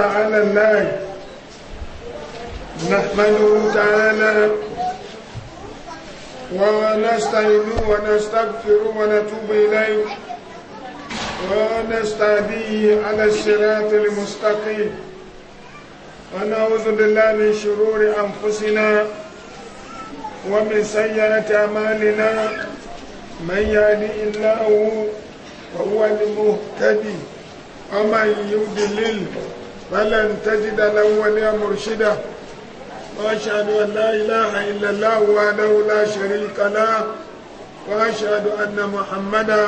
على الله نحمده تعالى ونستعين ونستغفر ونتوب إليه ونستهديه على الصراط المستقيم ونعوذ بالله من شرور أنفسنا ومن سيئة أعمالنا من يهدي الله فهو المهتدي ومن يضلل فلن تجد له وليا مرشدا وأشهد أن لا إله إلا الله وحده لا شريك له وأشهد أن محمدا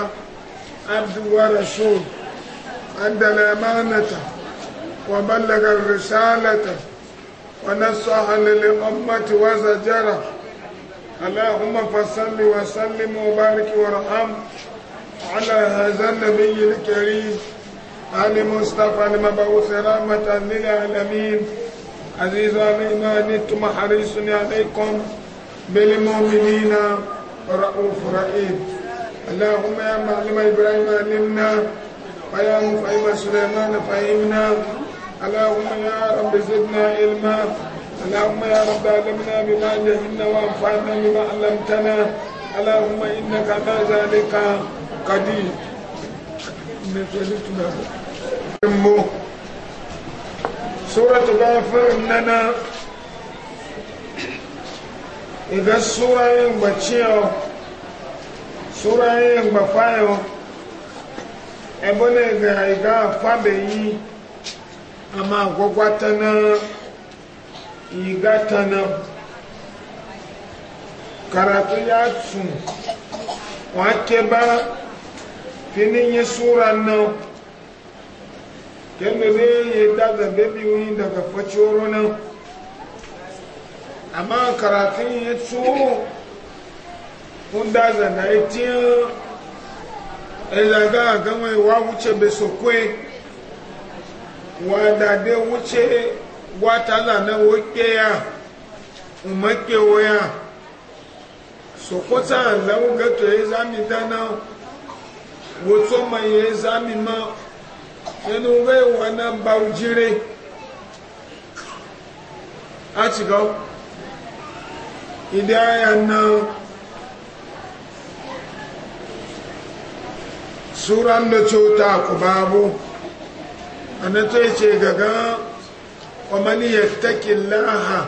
عبد ورسول أدى الأمانة وبلغ الرسالة ونصح للأمة وزجرة اللهم فصل وسلم وبارك وارحم على هذا النبي الكريم المصطفى المبعوث رحمة للعالمين عزيز علينا أنتم حريص عليكم بالمؤمنين رؤوف رحيم اللهم يا معلم إبراهيم علمنا ويا مفهم سليمان فهمنا اللهم يا رب زدنا علما اللهم يا رب علمنا بما جهلنا وانفعنا بما علمتنا اللهم إنك على ذلك قدير mu suratu ghafir nana iga sura yin gbaciyo sura yin gbafayo ebe ne ga iga fabe yi ama gwagwata na igata na karatu ya tun wake ba finin yi sura nan kemgbe be ya daga bebiyoyi daga faciyoro nan amma karatun ya tsoro kun daga na itin ilaga eh, a gama wa wuce bai sokwe wa dade wuce wata zana wake ya umake waya sokota lauga to ya zami dana wato mai ya zami ma nínú bẹ́ wọn náà bá ojúre a ti gọ́ ìdí ayà náà suran da cuta ku babu a na ta ce gaga wa mani ya taƙi laha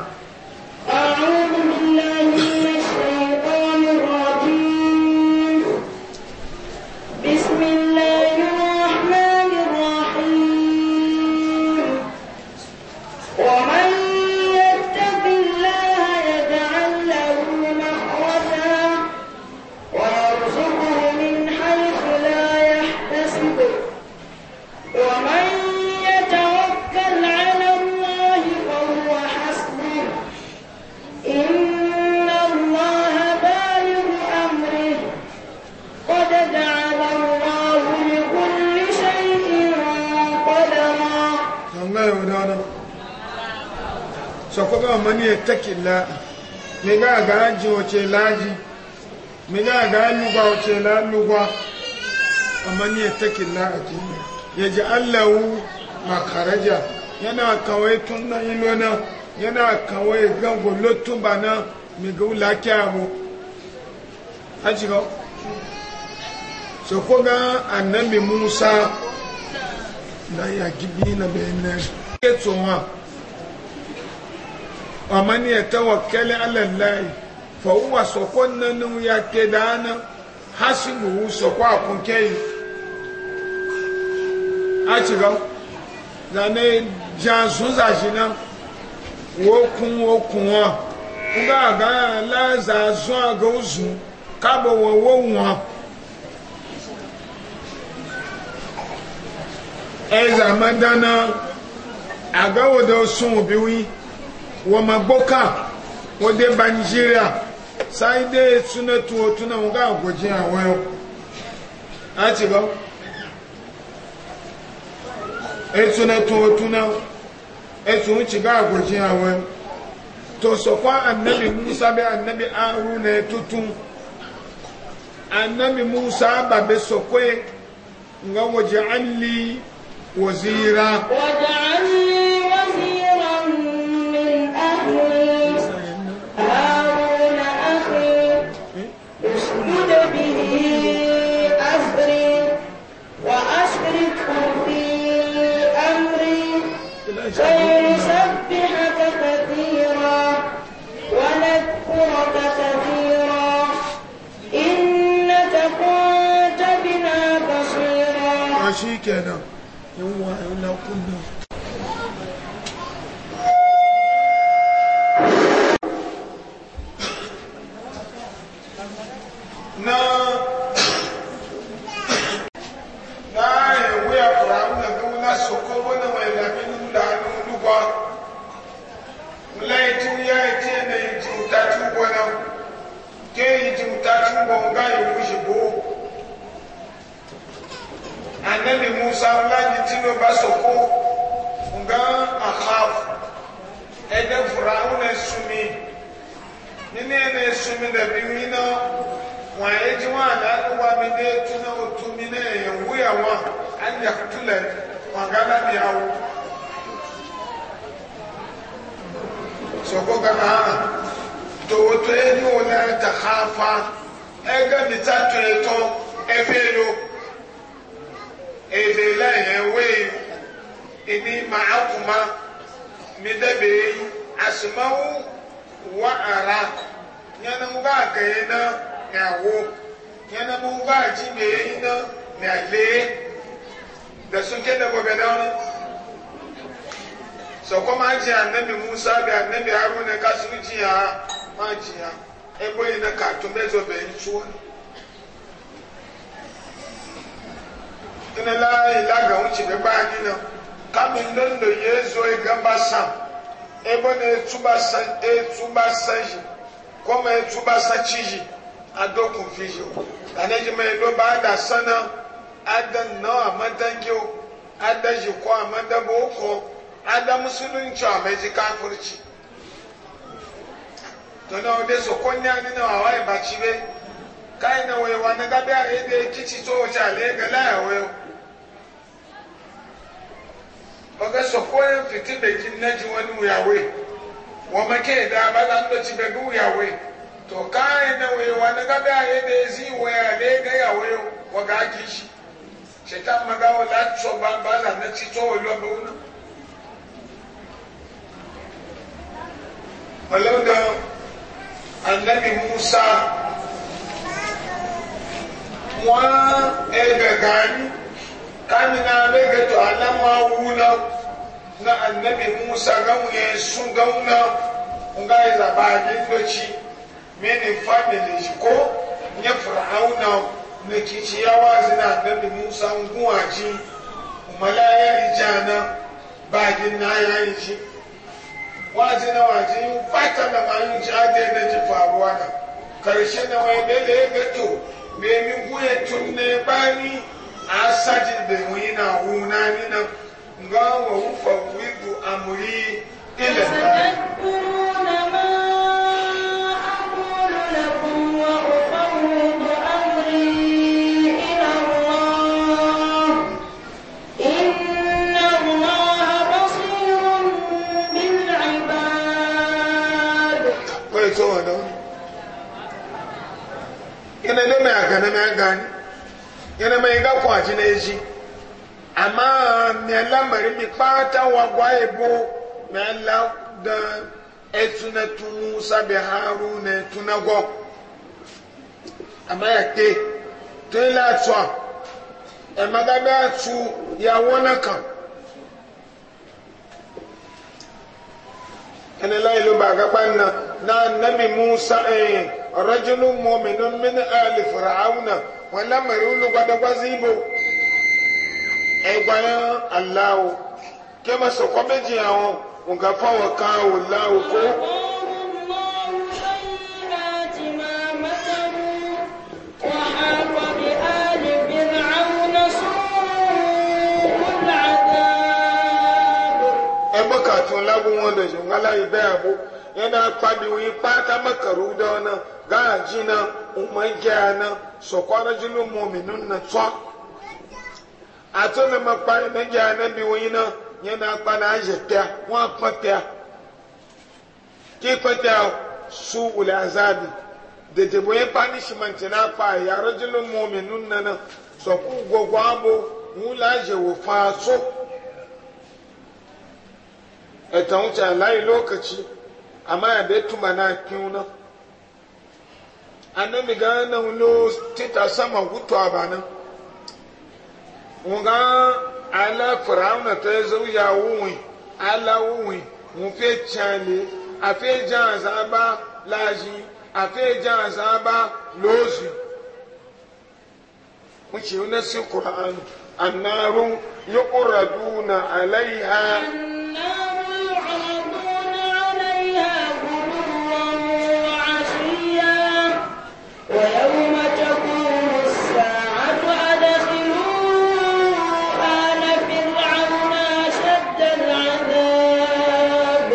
ga mani ya take la me ga ga ji wace laji me ga ga lugwa wace la lugwa amma ni ya take la a jini ya ji allahu makaraja yana kawai tun na ilo na yana kawai gango lotun ba na me ga wula kyawo a jiga so ko ga annabi musa na ya gibi na bayanin ya tsohon ومن يتوكل على الله فهو سكون نو يكدان حسبه سكوا كنكي أتغو zane jansu zashi nan wokun wokun wọn nga aga laza zun aga ozu kabo wọn wo wọn ẹza madana agawodo sun obi wi. wọ́n ma gbọ́kà wọ́n dé ba nigeria sáyidé túnẹ̀ tún o túnẹ̀ ká àgọ́jì àwọn ẹ̀ láti bọ́ ètúnẹ̀ tún o ètún àwọn ẹ̀ tó sọ̀kọ́ anabi musa bẹ́ anabi aruna ẹ̀ tuntun anabi musa bàbá sọ̀kọ́ ẹ̀ nga wọ́n jẹ́ àlì wọ́n فلنسبحك كثيرا ونذكرك كثيرا إنك كنت بنا بصيرا عشي كنا يوم لو كنا na na ewe akọrọ ahụ na-emewu na soko bụ na láìtú yá etí ẹ̀nà ìjì òtájú bọ̀ náà ké ìjì òtájú bọ̀ ń bá ìlú ìṣèbó anẹ́lì musa láti tí ló bá sọ̀kó ǹgán àkàf ẹ̀dẹ́ fura ń lè sumi nínú ẹ̀nà ìsumi dàbí wí náà wọ́n ayé tí wọ́n àná so ko ga ma to to e ni wona ta khafa e ga mi ta to e to e fe lo e fe la e we ini ma'akuma mi da be asma'u wa ara nyana mu ga ka e na ya wo nyana mu ga ji ne na ya le da sun ke so ko ma ji annabi musa bi annabi haruna ka su ji ya ma ji ya e bo ina ka to mezo be nsu ina la ila ga unchi be ba ni na ka mi ndondo yezo e gamba sam e bo ne tuba san e tuba san ji ko ma e tuba san chi ji ado confusion anaji ma e do ba da sana ada na amadan yo adan ji ko amadan bo ko ada musulunci a mai ji kafirci to na ode so kwanne ani na wa ba ci be kai na we wa na gabe a ebe kici to wace ale ga la ya we oga so ko fiti be kin na ji wani ya we wa ma ke da ba da ndo ci be bu ya we to kai na we wa na gabe a ebe zi we ale ga ya we wa ga kici shetan magawa la tso ba ba la na ci to lo ba una wallon da annabi musa wa elbegani kamina megato alama wuna na annabi musa gauye sun gauna nga iza bagin doci mini family shi ko ya fir'auna na kici yawa zina annabi musa nguwaji malaya rijana bagin na yayi shi waje na waje yi fata na mayun jade ade na ji faruwa na karshe na wai bele ya gato me mi guye tun ne bani a sajin da yi na huna ni na ga wa hufa widu amuri ila ta ga na mai gani yana mai ga kwaji na eji amma mai lamari mi kpata wa gwaye bo mai la da etu na tunu haru na etu na amma ya ke to ila atụ a emagabe atụ ya wọna kan ẹni láyé ló bá kápá nà náà nàbì musa ẹ̀yìn ọ̀rọ̀jọ́nù mọ́mìnú mínú àlè fìràwùnà wọn lámàrí olùgbàdàgbà sí ibò ẹgbà yẹn aláwo kí ẹ má sọ̀kọ́ méjì àwọn nǹkan fáwọn kan ò láwo kó. n'oge gbemuu n'oge zoro n'oge la bụ mụ na ndenso ŋuna la ya bee abụ yéen'akpa bi wụnyi kpaa taa na gaana ji na ụmụ dịja na sokwaara djolofu ma na tụwa atule na dịja na bi wụnyi na yana kpa na à nze pịa mua pịa kee pịa su wụlọ azabi dedebo yéen panisiment na kpaa ya arajulio ma ọ me nụn na na sokwu gogo a mụrụ mụ n'a nze ta wuce a layi lokaci amma ya bai tuma na kiwu nan annabi ga nan lo tita sama hutu a banan nga ala firawuna ta zo ya wuwi ala wuwi mu fe chale a fe jan zaba laji a fe jan zaba lozi wuce na si qur'an annarun yuqraduna alaiha ويوم تقوم الساعة أدخلوا آل فرعون أشد العذاب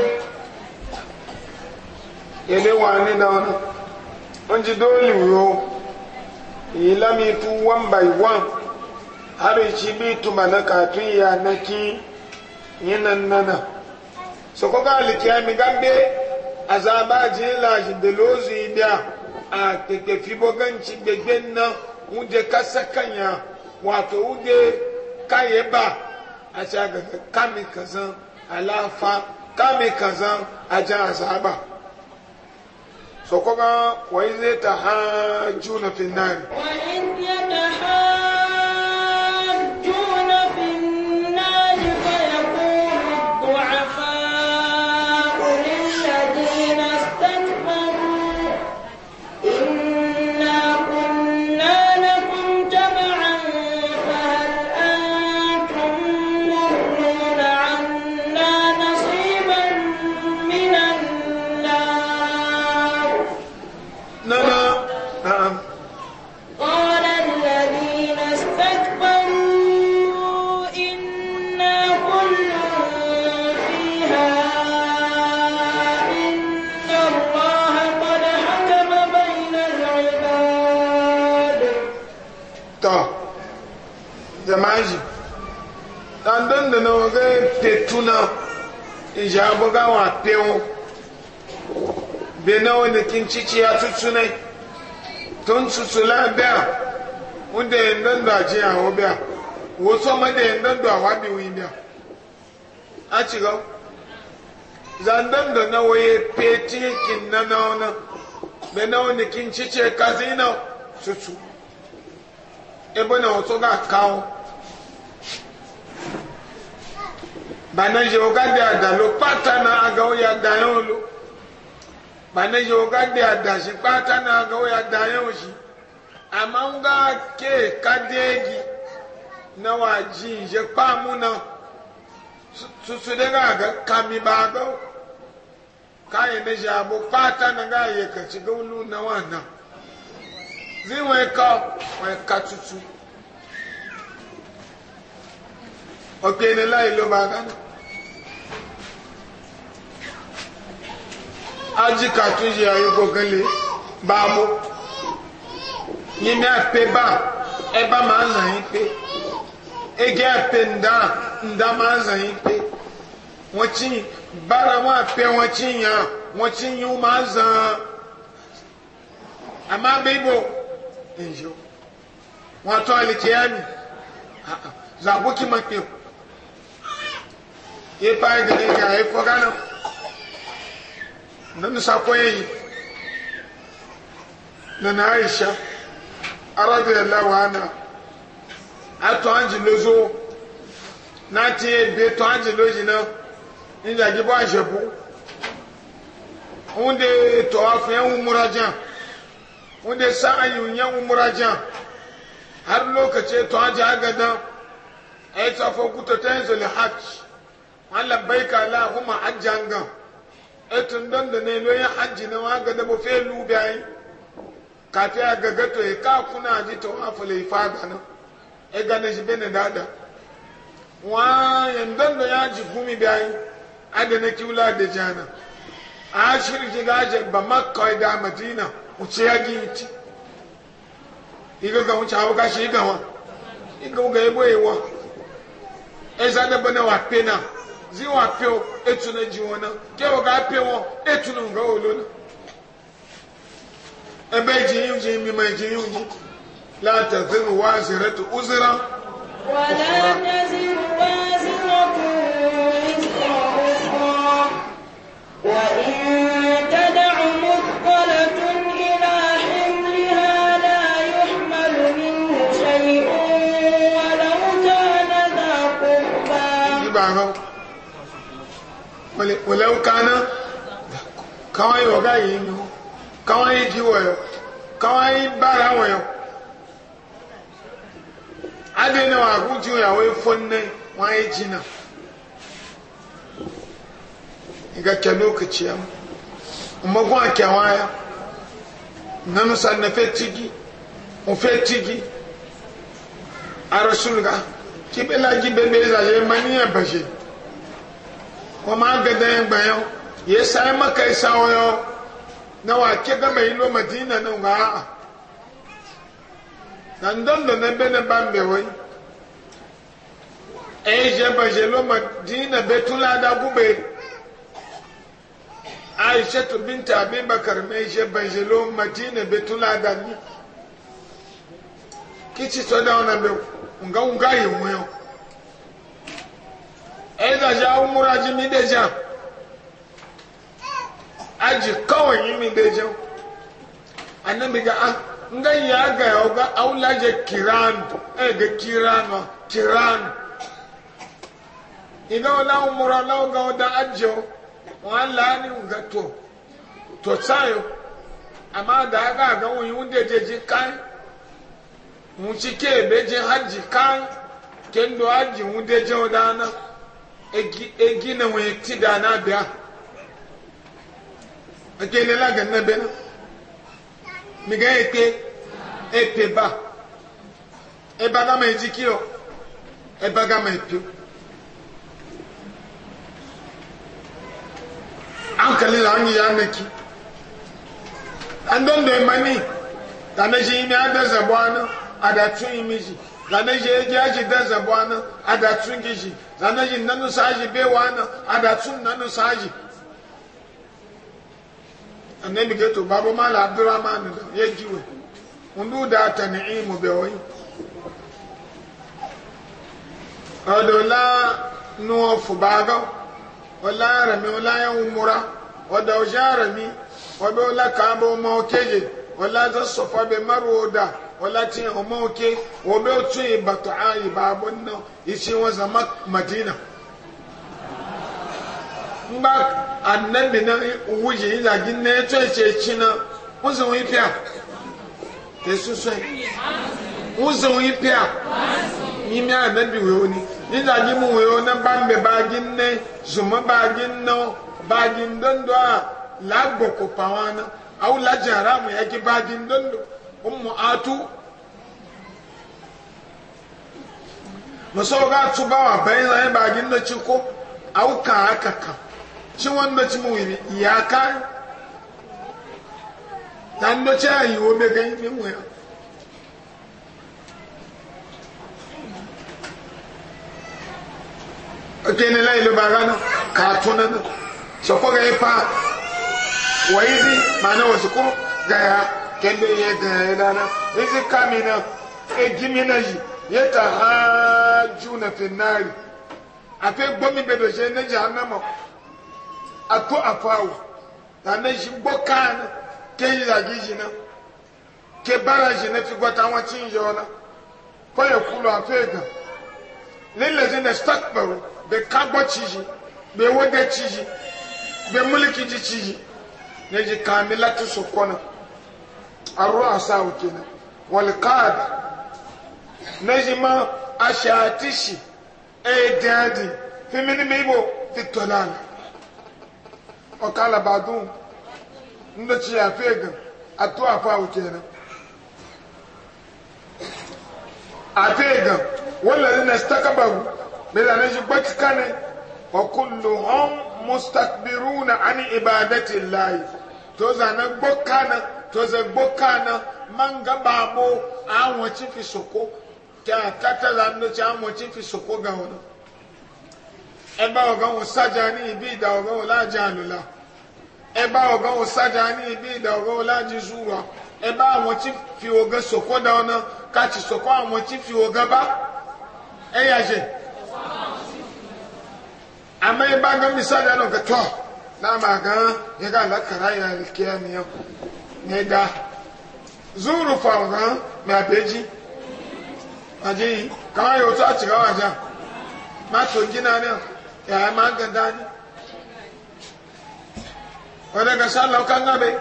na tu one by one har ci bi tuma na ya na ki nana so ko ga gambe azaba ji lashi biya a keke fiboganci gbegben nan wunde kasa kanya wato wunde kaye ba a ci agaga kame kazan alafa kame kazan ajan azaba so kuma wa yi zai ta hajju na finnari wa in ya ta hajju na ija buga wa pewo bena wani kin cici ya tutuna tun tutula biya wanda yin don da ji a ho biya wasu ma da yin don da wa bi wi biya a ci ga zandan da na waye peti kin na na wani bena wani kin cici ya kazi na tutu ebe na wasu ga kawo bana yo ga de ada lo pata na aga o ya da yan lo bana yo ga de ada si pata na aga o ya da yan si ama nga ke kadegi na wa ji je pa mu na su su de ga ga kami ba ga ka ye ne ja bo pata na ga ye ka ci ga lu na wa na zi we ka we ka tutu ọ̀pẹ̀ni láì ló máa kánà. ají kàtúnṣe àyíkò kan lè bá a mú yìí ní àpè bá ẹ bá máa ń zàn yín pé ege àpè ǹdá ǹdá máa ń yín pé wọ́n tí bára wọn àpè wọn tí yàn wọ́n tí yín máa zàn àmọ́ abébò ǹjọ́ wọ́n tọ́ àlìkíyàmì zàbókì máa pè ó ye paayi de ne nya ye kɔga na nanusa kɔye yi nana aisha arabi ala waana ato anji lozo n'ati ebe to anji lozi na nidza dzi bɔ azɛbu ŋun de unde afɔ yɛ ŋun mura dza ŋun de sa anyi yɛ ŋun mura dza hali lokaci tɔ anji agada ɛyɛ tɔ afɔ kutɔ tɛ ɛzɔli haki wọn labbai ka lahuma hajjan gan etun don da ne loyin hajji na wa ga dabo fe lu bai ka ta to e ka kuna ji to afale fa ga na e ga ne bene dada wa yan don da ya ji gumi bai ada na kiula da jana a shiri ji ga je ba makka da madina uce ya gi ti iga wuce abu ka shi ga wa iga ga yebo e bana wa pena ziwa pewo etu na ji wọn na kewo ga pewo etu na nga olo na ebe ji yi ji mi ma ji yi ji la ta ziru wa ziratu uzira wala ta ziru wa ziratu wòlẹ́ kaná káwọn yìí ọ̀gá yìí nù káwọn yìí jí wọ̀yọ̀ káwọn yìí bára wọ̀yọ̀ adé náà àgùntì ìyàwó fọ́nẹ́ wọn yìí jí náà ìgbà kẹ́ lókèjì yẹn mọ́gbọ́n àkẹ́wọ́n ayá nanu sanni fẹ́ tigi mo fẹ́ tigi arasuluka kí bẹ́ẹ̀ lajì bẹ́ẹ̀ bẹ́ẹ̀ zàlẹ́ mani yẹn bàjẹ́ wọn máa ń gẹdẹ yẹn gbẹ̀yẹ yìí sáyẹn mẹ́ka yìí sáwọ́ yọ na wàá kí gama yìí ló mẹdínà ní nga á na ndọ́ndọ̀ na bẹ́ẹ̀ ní bá ń bẹ̀ wọ́yì ẹ̀yìn jẹ́ bàjẹ́ ló mẹdínà bẹ́ẹ̀ tún ládàá gúbẹ̀ aisha tu binta abubakar mai je banjelo madina da ni kici to da wannan bai nga nga yi mu ẹ̀dà jẹ́ àwọn múra jí mi dé aji kawai yi mi dé jẹun annabi ga an nga aga ya ga aula je kiran eh ga kiran kiran idan wala umura law ga da ajjo wala ni ga to to tsayo aga ga ji kai odana egi egi na wọn eti da na abia eke ne laga na bena miga eke epe ba eba gama eji kiro eba gama epe ankali la anyi ya neki andondo emani tanaji imi adeze bwana adatu imiji zane shi yake ya shi dan zabo ana adatsun gishi zane shi nanu saji bewa ana adatsun nanu saji annabi ke to babu mala abdurrahman ya jiwe undu da ta ni'imu bewoyi odola nuwa fubaga ola rami ola yan umura oda oja rami obe ola kambo ma okeje ola zasofa be maru oda wala tin ọmọ oke wo be otu ibata ayi ba abun nan isi wọn zama madina ngba annabi na wuji ila gin na eto eche chi na wọn zan wọn ipia te susu wọn zan wọn ipia yimi annabi wo ni ba mbe ba gin ne ba gin ba gin dondo a la gboko pa wana awu la jaramu ya ummu atu musawo ga tuba wa bayin zai bagin da ci ko auka aka kan ci wanda ci mu yi ya kan dan do ci ayi wo be ga yi mu ya kene la ilu bagana ka tunana so ko ga ifa wa izi mana wasu ko ga ya kende ye gaya dana izi kamina e gimina yi ye ta ha juna fi nari afe gbomi bebe je ne jahannama ato afawu ta ne shi gbokana ke yi zagi jina ke bara jina fi gwata wọn cin yona ko ya kulu afe ga lillazi na stakbaru be kagbo ciji be wode ciji be mulki ji ciji ne ji kamila tu sokona الرؤساء كنا والقادة نجم أشاتشي أي دادي في من ميبو في التلال وقال بعضهم نتشي يا فيغن أتوا فاو كنا أفيغن والذين استكبروا بلا نجم بكتكني وكلهم مستكبرون عن عبادة الله توزانا بكانا toze gbokana manga babo awon ci fi soko ta tatala no ci awon ci fi soko ga wono e ba o gan o saja ni ibi da o gan o laja alula e ba o gan o saja ni ibi da o gan o laji zura e ba awon ci fi o gan soko da ona ka ci soko awon ci fi o gan ba e ya je amma e ba gan misali ana ga to na ma gan ya ga lakara ya alkiyami mega zuru fangan na beji aji kan yo ta cira waja ma to gina ne ya ma ganda ni wala ga sallau kan gabe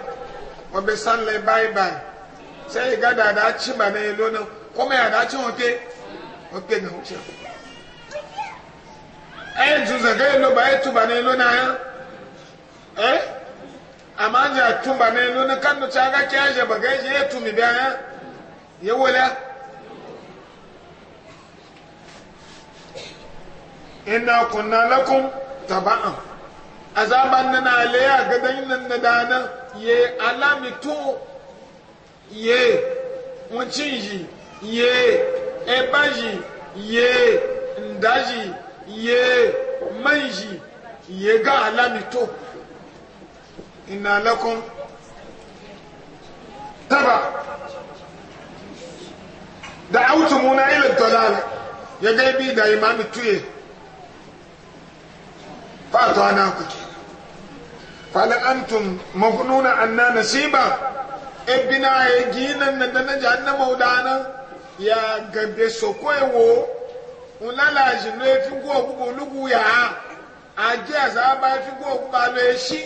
wa be sallai bye bye sai ga da da ci e e ba ne lona kuma ya da ci oke oke na huce eh zuzaga lo ba etu ba ne lona eh amma ja tumba ne nuna kan da ta ga kya je baga je ya tumi baya ya wala inna kunna lakum taba'an azaban nan ale ya ga dan nan na dana ye alami to ye mucinji ye ebaji ye ndaji ye manji ye ga alami to إنا لكم تبع دعوتمونا إلى الضلالة يا جايبي دا إمام التوية فأطعناكم فهل أنتم مغنون عنا نصيبا ebina ya gina na dana jahannama udana ya gabe sokwewo unlala jinu efi gwo gugu lugu ya aje azaba efi gwo gugu alo eshi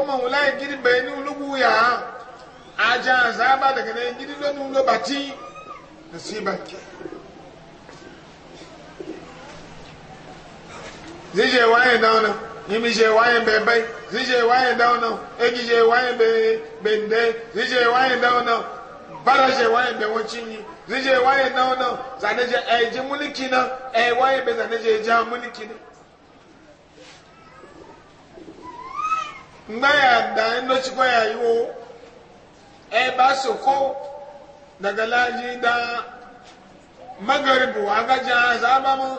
kuma wula gidi bayani ulugu ya aja azaba daga nan gidi lo nulo bati nasiba ke zije waye dauna nimi je waye bebe zije waye dauna egi je waye be bende zije waye dauna bara je waye be wacin zije waye dauna zane je ai ji mulki na ai waye be zane je ja na ngbaya da ndo chikwa ya yiwo e ba su ko daga laji da magaribu aga ja zaba mu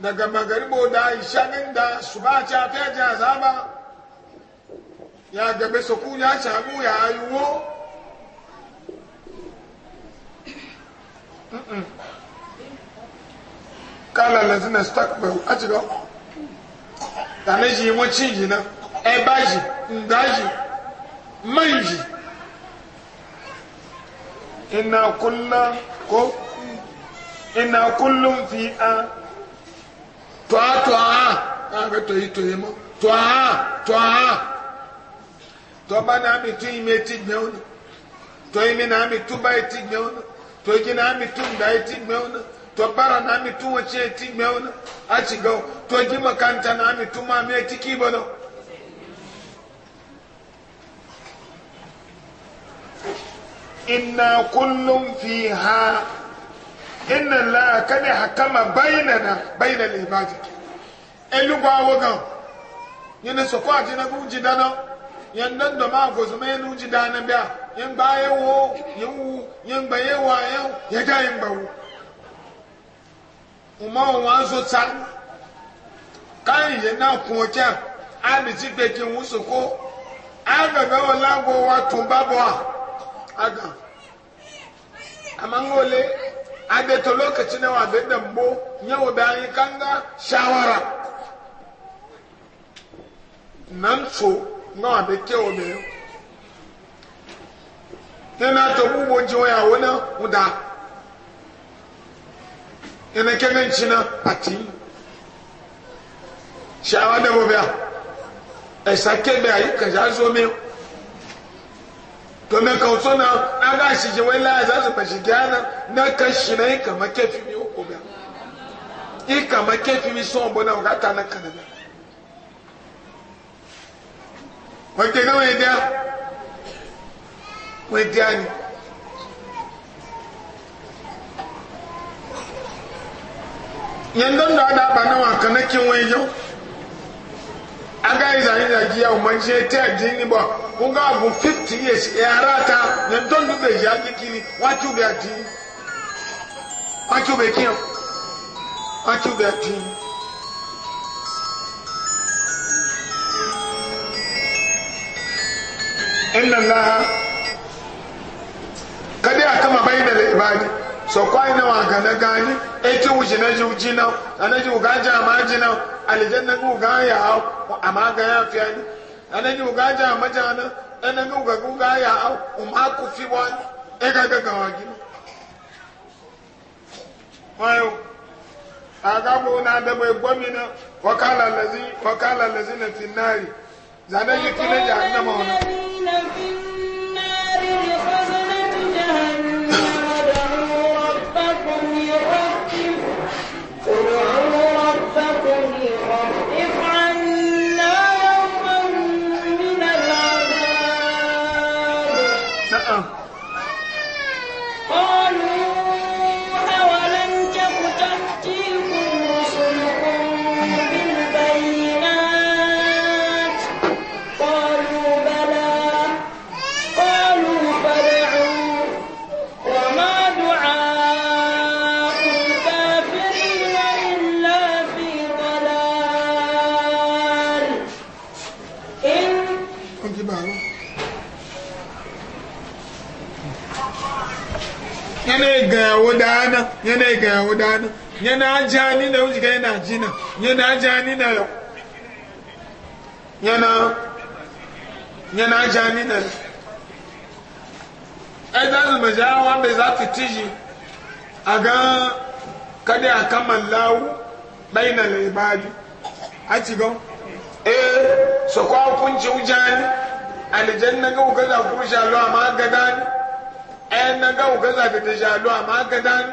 daga magaribu da ishanin da su ba ci a fiye ja zaba ya gabe su ku ya cagu ya yiwo kala lazina stakbel a cikin tanaji yi mun cin yi nan ẹ̀bá yìí ǹdá yìí mọ́ yìí ìnà kúnlá kó ìnà kúnlú fi á tọ́ á tọ́ á àgbẹ̀ tọ́ yìí tọ́ yìí mọ́ tọ́ á tọ́ á tọ́ bá náà mi tún ìmẹ̀ ti gbẹ̀ tu tọ́ ìmẹ̀ náà mi tún bá yìí ti gbẹ̀ ọ́nà tọ́ ìjì náà mi tún ìdá yìí ti gbẹ̀ ọ́nà tobara na mitu wace ti meuna a cigau to ji makanta na mitu ma me tiki bano إنا كل فيها إن الله قد حكم بيننا بين العباد إلوا وغا yin so kwa ji na guji dana yan dan da ma go zuma yan guji dana biya yan baye wo yan wu yan baye wa yan ya da yan bawo umma wa so ta kan ye na kun cha a bi ti pe ki wu so ko a ga ga wa lago wa tun babo a agan amma ngole abe to lokaci na wa be dambo nyawo be an kanga shawara nan so na wa be ke obe ina to bubo jiwa ya wona uda ina kemen china ati shawara da bobe a esa kebe ayi kaja zo meu to na kauso na na ga shi ji wai la za su fashi gyana na kashi na ika ma kefi mi uku ga ika ma kefi mi son bo na gata na kana na wake ga wai dia wai dia ni yanda da da ba na wa kin wai yau aga iza ina giya umanje ta jini ba kunga abu fifty years ya e rata na don dube ya kikini wati ube ati wati ube kiyo wati ube ati inna allaha kada kama bayyana al-ibadi sokwai na waka na gani eti wuce na ji wuci na ana ji wuga ji ama ji na alijan na guga ya hau ama ga ya fiya ni ana ji wuga ji ama ji na ana ga wuga guga ya hau umma ku fi wani e ga ga ga wagi wayo aga bu na da bai gwami na wakala lazi wakala lazi na finnari zanen yi kila jahannama wani Amen. yana ga yawo dana yana ajani na wuce yana jina yana ajani na yau yana yana ajani na ai za su majawa bai za ta tiji a ga kada a kamallahu bai na laibadi a ci gan eh so kwa hukunci wujani alijanna ga ugaza kuma shalu a ma gada ni ayan na ga ugaza da ta shalu a ma gada ni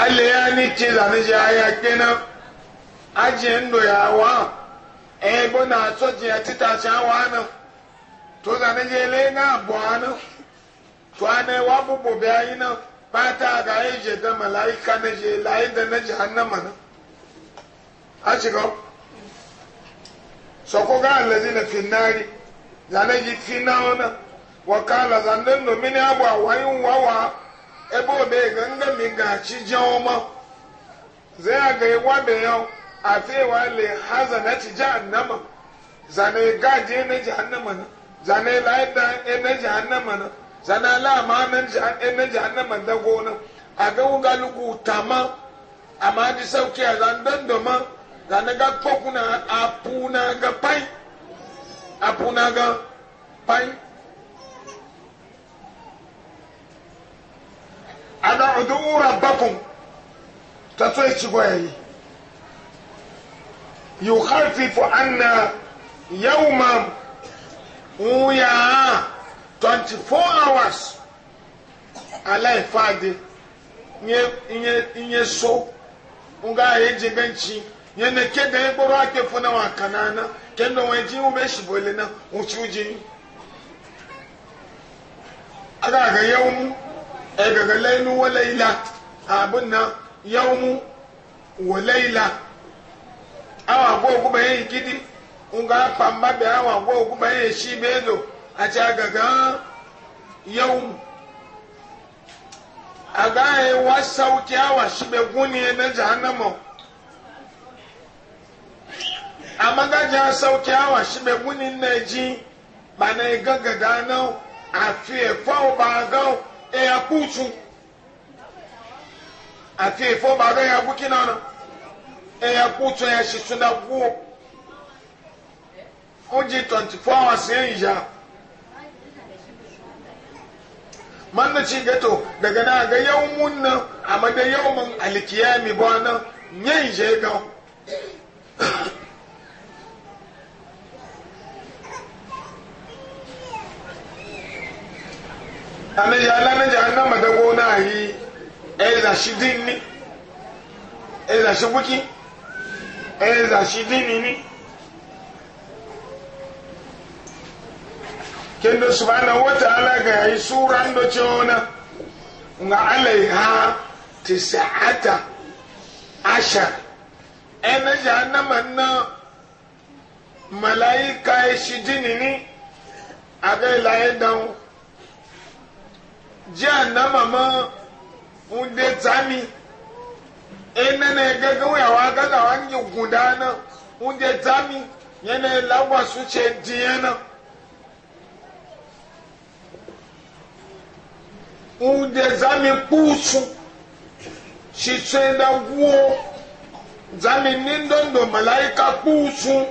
ale ya ni ce zane je aya kenan ajiye ndo ya wa eh bona so je tita cha wa na to zane je le na bo ana to ane wa bu bo be ayi na ba ta ga yi e je da malaika na je lai da na jahannama na a ci ko so ko ga allazina fi nari zane ji na ona wa kala zan dan mini abu wa wawa ebe obe ganga mi je ọma zai a ga yawa e be yau a fewa le haza na ci je zane gaje na jahannama na zane laida na jahannama na zane lama na jahannama da gona a ga wuga lugu tama ma di sauki a zan dandoma zane ga na a na ga pai a na ga pai ana udu rabbakum tatso ci goyi yukhafifu anna yawma twenty four hours alaifade nye so nga eji benchi nye na keda ekporo ake funa wa kanana kendo wa ji ube shibole na uchuji aga ga yawmu egaga lainu wa laila abin nan yawmu wa laila awa go kuma yin gidi nga pamba be awa go kuma yin shi bezo a ci agaga yawmu aga yi wa sauki awa shi guni na jahannama amma gaja sauki awa shi guni na ji ba na gaga fawo ba ee ya kootu hafi ifo baa ya bukina na e ya kootu ya shi suna gu oji, twinty three hze ija mame n'oche getto daga na ga yaw mu na ama na ya mu alikiyami bụ nye ije ga. ane ya ala ne jahannama da gona yi eza shi dinni eza shi buki kendo subhanahu wa ta'ala ga yi sura ndo chona nga alaiha tis'ata ashar ene jahannama na malaika shi dinni ni aga ilaye dawo jahannama ma funde tsami enene gagawo ya wa gaga wa nge gudana funde tsami yana lagwa su ce diyana funde tsami kusu shi ce tsami nindondo malaika kusu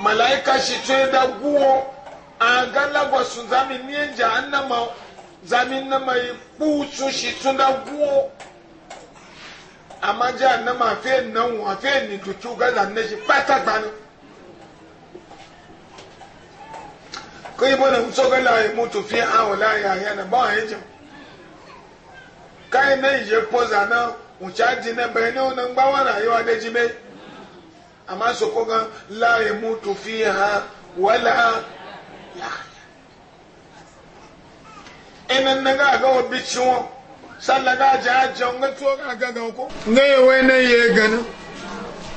malaika shi ce da guwo a galagwa su tsami niyan zamin na mai kutsu shi tun da guwo amma jihar na ma fe nan wa ni tutu ga zanne shi pata gbani ko ibo na mutu ga laye mutu fi awo laye ya na ba ya jim kai na ije poza na uchaji na bai ne ona ngba wa rayuwa da jime amma so ko ga laye mutu fi ha wala ya inan na ga ga wabi ciwo sallah ga ji hajjan ga tuwo ga ga ga ko ga yawa na ya gana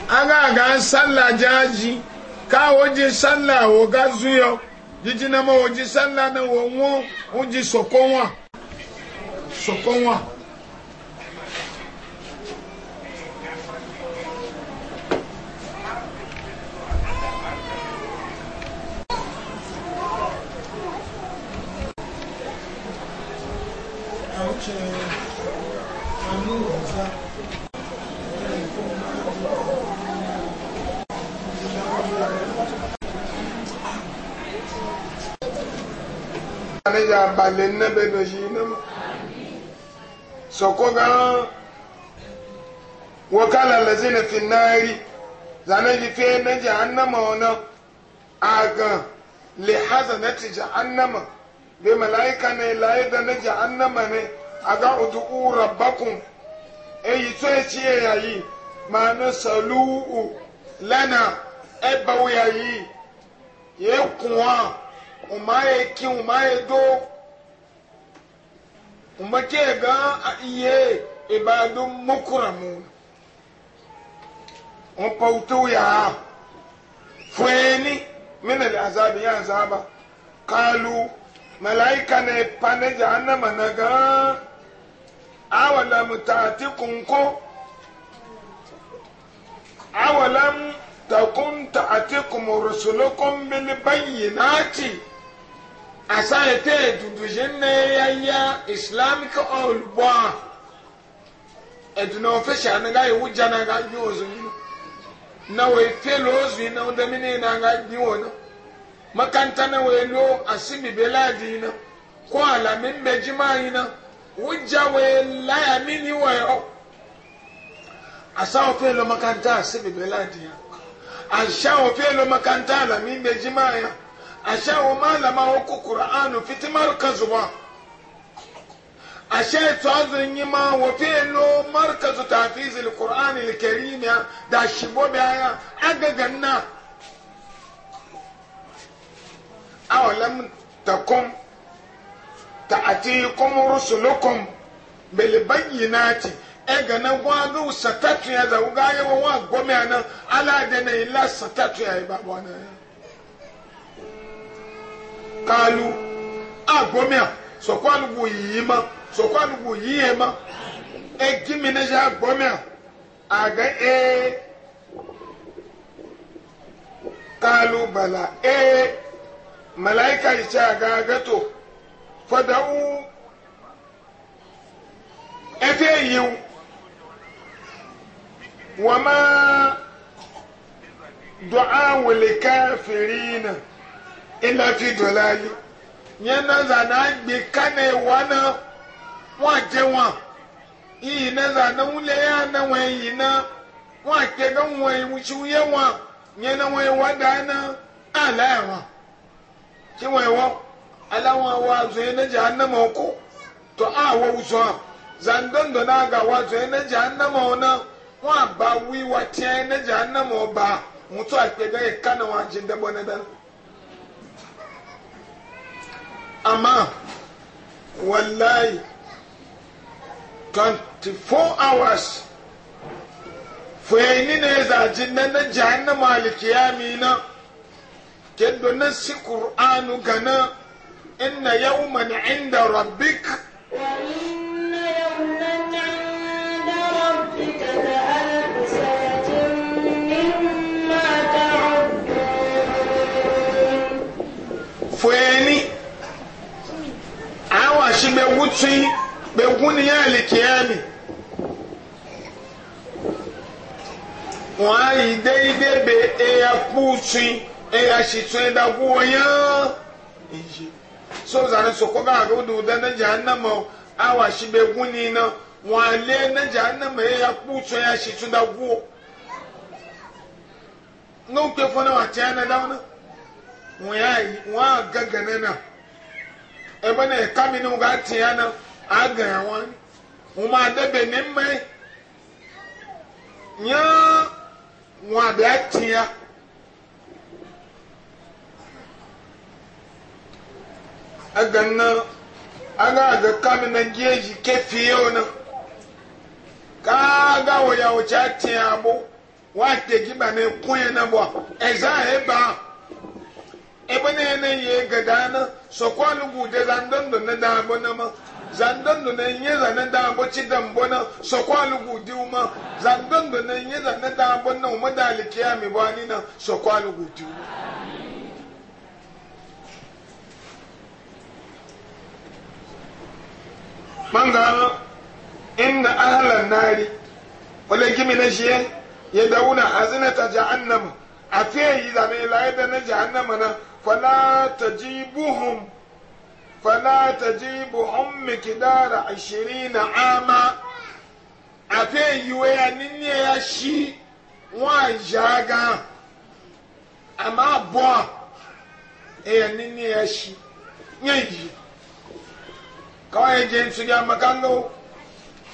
an aga ga sallah jaji ka ji salla wo ga zuyo jiji na ma ji sallah na wo o ji sokonwa sokonwa ce hannun wasa ya balẹ̀ nẹ́bẹ̀ lọ sí iná mọ́ sọ̀kọ́ gan wọ́n kálà lẹ́sẹ̀ lè fi náà rí zanayi fi ẹnẹ́jẹ̀ annama ọ̀nà àgàn lè hazanẹ́tì jẹ̀ annama bí mẹ́láyíká ní ìlàyé dánẹ́jẹ̀ annama ní. aga udu'u rabbakum eyi tó etí ẹ̀yà yìí máa ná sàlúù lẹ́nà ẹ̀bẹ̀wò yà yìí yẹ kùn á ọmọ ayé kí ọmọ ayé dó ọmọ kí ẹ̀ gan iye ìbàdó e mọ́kùrà mu wọn pa òtó yà á fún ẹni mínàlì azabi yà azaba kálù mẹláìka náà panẹ́jà anamànà gan-an awalam ta'tikum ko awalam takun ta'tikum rusulukum bil bayyinati asayete dudujin ne yaya islamic all boy eduna ofisha na ga iwu jana ga yi ozu na wai felo ozu na udamini na ga yi wani makanta na wai lo asibi beladi na ko alamin bejima na wogya wɔn laya mi ni wɔn hɔ asan wɔpɛ lɔ makanta ase bebe ladi ya ahyɛn wɔpɛ lɔ makanta alami mbɛgyima ya ahyɛn wɔn alama wɔkɔ kur'anu fitimaru kazuwa ahyɛn tɔɔzo nyima wɔpɛ lɔ markazu tafizi li kur'ani li kɛrim ya da ahyibɔ bia ya agaga nna a wɔlɛm takom ta'atikum rusulukum bil bayyinati e ga na gwa ga satatu ya za ga ya wa gome ana ala da na illa satatu ya ba bona kalu a gome so kwalu bu yima so kwalu bu yima e gimi na ja gome a ga e kalu bala e malaika ita ga gato fadawu efe yiw wama du'a wuli kafirina ina fi dolali nye naza na gbe kane wana wọn je wọn iyi naza na wule ya na wọn yi na wọn ke na wọn yi wuci wuye wọn nye na wọn yi wada na ala ya wọn ki yi wọn alawan wa zai na jahannama ko to a wa wusuwa zandon na ga wa zai na jahannama ona wa ba wiwa tiya na jahannama ba mutu a kpega ya kana wa jin dabo na dan amma wallahi 24 hours fayini ne zajin nan na jahannama alkiyami na kendo na si qur'anu gana إن يوما عند ربك وإن يوما عند ربك كألف سنة مما تعدون فويني awa shi be wuce be guni ya likiyami wọn yi daidai be eya kusi eya shi tun da goyon iye so zane soko ba ga wudu da na jahannama awa shi be guni na wale na jahannama e ya ya kuto ya shi tun da guwo nga ukpe fona wa tiya na dauna wa gagana na ebe na ekami na ga tiya na aga ya wani uma debe ne mmai e. nya wa da tiya agan nan aga ga kami na geji ke yau nan ka ga waya wuce ati abu wa ke giba ne kunye na za eza ba ebe ne ne ye gada na so kwa lugu de zandon do ne da abu na ma zandon do ne nye za ne da abu ci dan bo na so kwa lugu di uma zandon do ne nye za ne da abu na uma da alikiya mi bwa ni na so kwa lugu di manga inna ahlan nari wala gimi na shi ya dauna ta jahannam a fiye yi zane laye da na jahannama na fala tajibuhum fala tajibuhum mikdara 20 ama a fiye yi waya ninne ya shi wa jaga amma bo e ninne ya shi nyayi kawai je su ya makango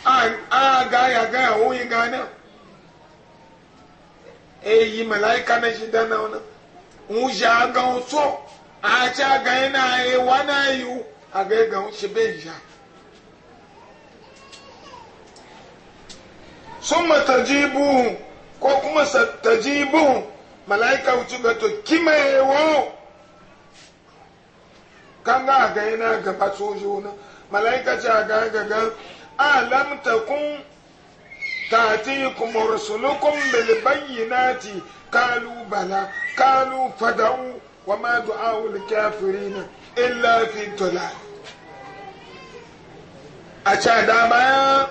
a ga ya ga ya hoyi gana e yi malaika na shi dana wani un ja ga so a ca ga yana yi wana yi a ga ga shi bai ja sun matajibu ko kuma tajibu malaika wuce ga to kima yi wo kan ga ga yana gaba sojo na malaika ce a ga gagan alam takun تأتيكم رسلكم بالبينات قالوا بلى قالوا فدعوا وما دعاء الكافرين إلا في ضلال أشهد ما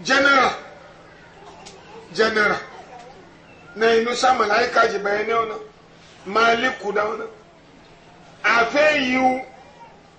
جنرا جنرا نينو سامل هاي كاجي بينيونا مالك كداونا أفيو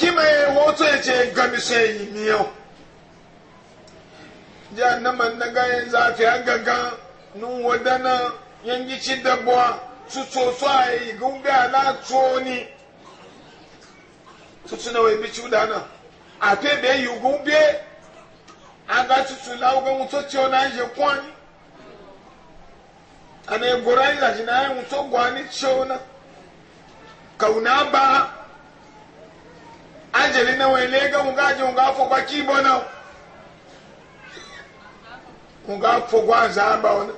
kima ye woto ye ce gami so ye miyo ja nama naga ye zafi a gaga nun wadana yangi ci dabuwa su so so a yi gunga ala tsoni tutu na wai bici udana a pe be yi gumbe a ga tutu lauga mutu ciyo na je kwani ana yi gora yi zaji na yi mutu gwani ciyo na kauna ba ajali na wai lega mu gaji mu gafo kwa kibo na mu gafo kwa zaba ona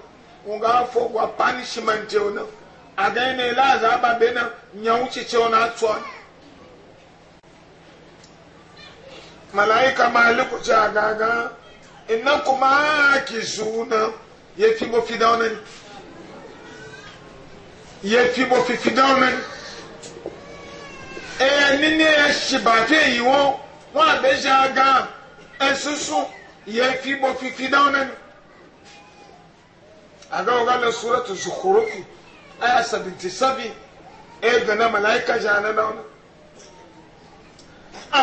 mu gafo kwa punishment ona aga ina ila zaba be na nyawu chiche ona atwa malaika maliku cha gaga innakum akizuna yefi bo fidawnani yefi bo fi fidawnani ɛyɛ nini ɛhyi baate yi wɔn wɔn abɛhyɛ aga ɛsoso yɛ fi bɔ fifi dɛw nani aga wɔga lɛ soro to zokoroku aya seventy sabi ɛyɛ na malaika hyɛ ana dɛw na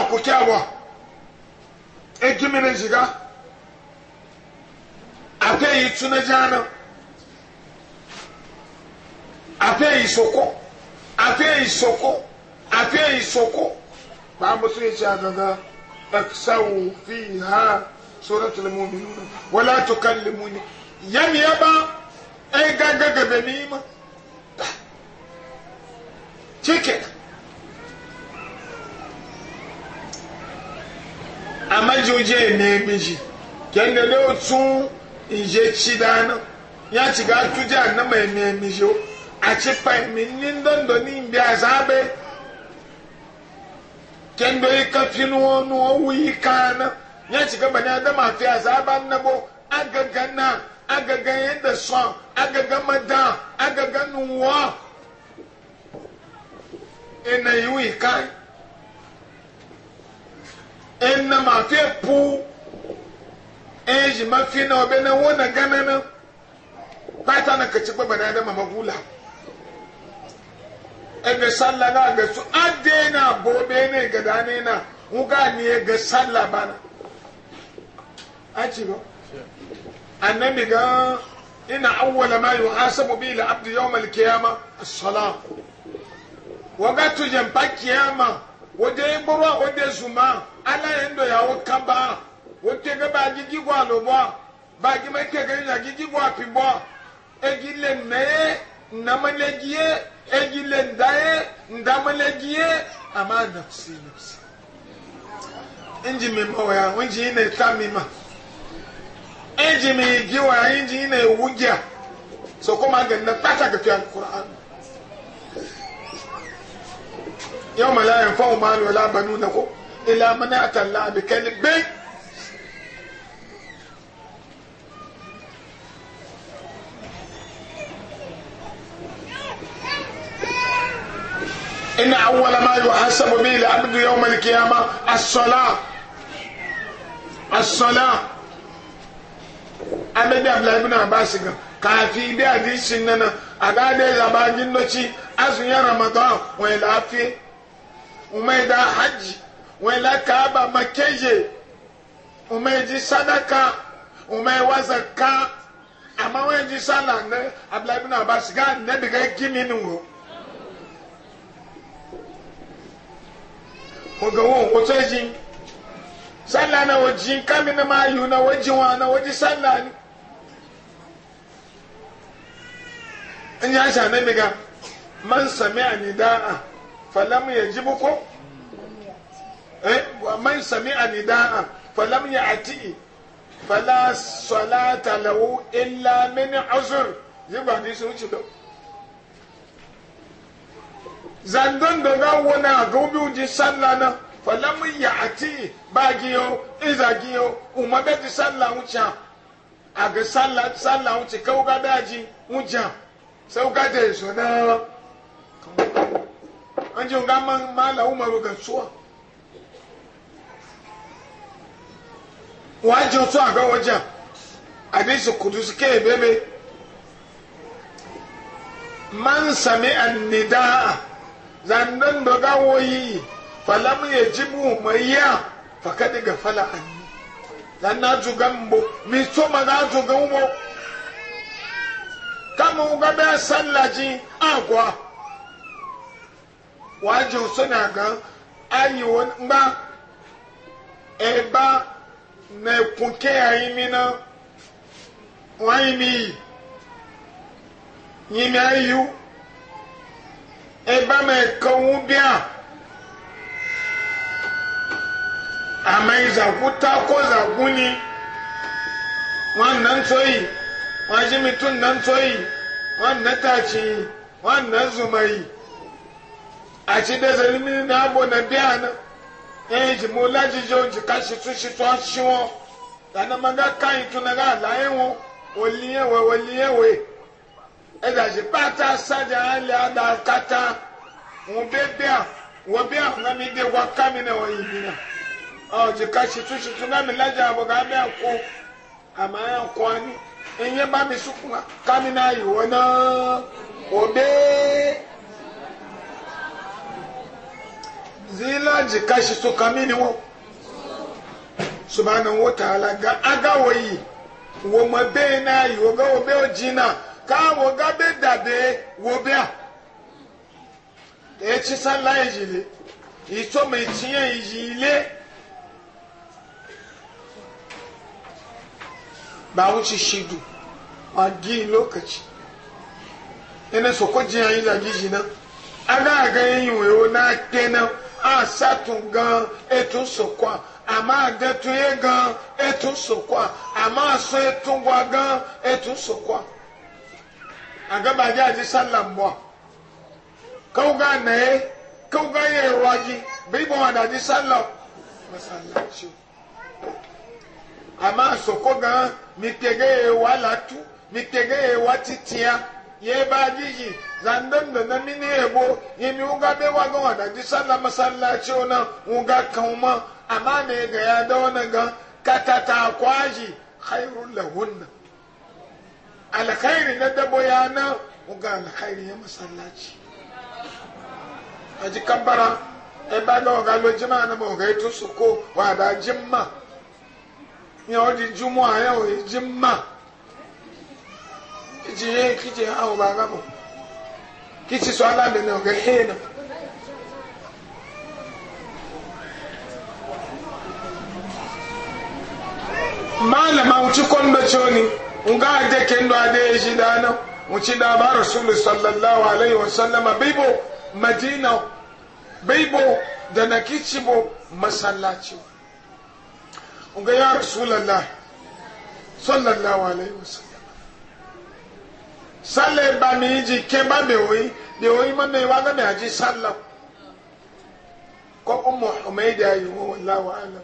akokye awɔ edwumi ne nziga ate yi tu ne gyɛ ana ate yi soko ate yi soko àfihàn ìsoko bàmùsùn yìí ṣe àgàgà ẹ̀kṣáwò fi ha sóràtò lè mú mi nù wọlé àtúkà lè mú mi ya ẹ bá ẹ gàgàgà bẹ ní ma chicken amajoje emeemeji kende ne o tún ìyẹ tsi dáná yàtì ká tujà anamọ emeemeji o àti pa èmi ní ndọ́ndọ́ ní ìgbé àzábẹ́ kendo ikafi nuwo nuwo wuyi kana ya shiga bani adam afi azaba nabo agaga na agaga yadda son agaga mada agaga nuwa ina yi wuyi kan ina mafi pu eji mafi na obe na wona gana na bata na kaci bani adam magula ebe sallah ga ga su adde na bobe ne ga dane na muga ne ga sallah bana a ci ba annabi ga ina awwala ma yuhasabu bi la abdu yawm al qiyamah as-salah wa ga tu jam pa qiyama wo de boro wo de zuma ala endo ya wo kaba wo te ga ba ji ji gwa lo ba ba ji ma ke ga ji ji gwa pi bo e le me na ma egile ndaye ndamalegiye ama nafsi nafsi inji mi ma waya inji ina ta mi ma inji mi gi waya inji ina wugiya so kuma ga na tata ga fiya qur'an yawma la yanfa'u malu wala banuna ko illa man ata Allah bi kalimatin إن أول ما يحاسب به العبد يوم القيامة الصلاة الصلاة abinda abdullahi ibn abbas ga kafi bi hadisin nan a ga da zabajin doci azun ya ramadan wai lafi umai da haji wai la kaaba makeje umai ji sadaka umai wa zakka amma wai ji sallah ne abdullahi ibn abbas ga ne daga gimi nun oge wo nkoto eji sallah na waji kami na mayu na waji wa na waji sallah ni in ya sha na miga man sami a nida'a falam ya ji buko eh man sami a nida'a falam ya ati fala salata lahu illa min uzur yi ba ni sun ci dau zandan da ga wana ga ubi uji sallah na falamu ya ati ba giyo iza giyo umma ga ji sallah wuce a ga sallah sallah wuce kau ga daji wuce sau ga da yaso na an ji ga man mala umaru ga suwa wajen su a ga wajen hadisi kudusi ke man sami an zannan da gawoyi falam ya ji mu maiya fakadi ga fala anni zan jugan bo mi so ma na jugan bo kama ga bɛ sallaji agwa wajin suna ga ayi wani ba eba na kunke ayi mi na wani mi yi mi ayi yiwu eba ma kanwu bia ama izaku tako zaku ni wọn na ntọyi wọn jimi tun na ntọyi wọn na tachi wọn na zumayi àti dẹsẹlẹ mi na abo na bia na ẹyìn jì mú lájíjẹ òjì ká ṣitú ṣitú ọṣí wọn lànà máa ká ká ìtúnaga àlàyé wọn wọlíyẹwẹ wọlíyẹwẹ. edaji pata saja ali ada kata wobebea wobea mi de wakami na wayibina awo jika shitu shitu ngami laja abo gabe ako ama ya kwani enye ba mi sukuma kami na yi wona obe zila jika shitu kami ni wo subhanahu wa ta'ala ga aga woyi wo mo be na yi wo ga wo be o káwọn gábé dàdé wo bíà etí sánlá ìjìlẹ ìtọ́mọ ìtìyàn ìjìlẹ báwo ti ṣe dùn wọn di lókàtí ẹni sọkọ jìyàn yìí làjì jìnnà agáàgá ẹyìn ìwéwò náà pé náà a sátún gan ètò sọkọ àmọ́ àgẹ́tún yé gan ètò sọkọ àmọ́ àsọ ètò wa gan ètò sọkọ agaba ji aji sallah mbọ kau ga na ye kau ga ye ruwa ji bai bọ wada ji sallah masallaci amma soko ga mi tege ye wa latu mi tege ye wa titiya ye ba ji ji zandon da na mini ebo ye mi uga be wa ga wada ji sallah masallaci ona uga kan ma amma me ga ya da wannan ga katata kwaji khairul lahunna alkhairi na dabo ya na muga alkhairi ya masallaci a ji kambara ebe na oga lo jima na ma oga etu suko wa da jimma ya odi jumu a ya oyi jimma kiji ye kiji ha o ba gabo kiji so ala de na oga he malama wuci kon baconi nga de kendo ade shi dana wuci da ba rasulu sallallahu alaihi wa sallama bibo madina bibo da na kicibo masallaci nga ya rasulullah sallallahu alaihi wa sallama sale ba mi ji ke ba be oyi de oyi ma me wa ga me aji sallam ko ummu humayda yi wallahu alam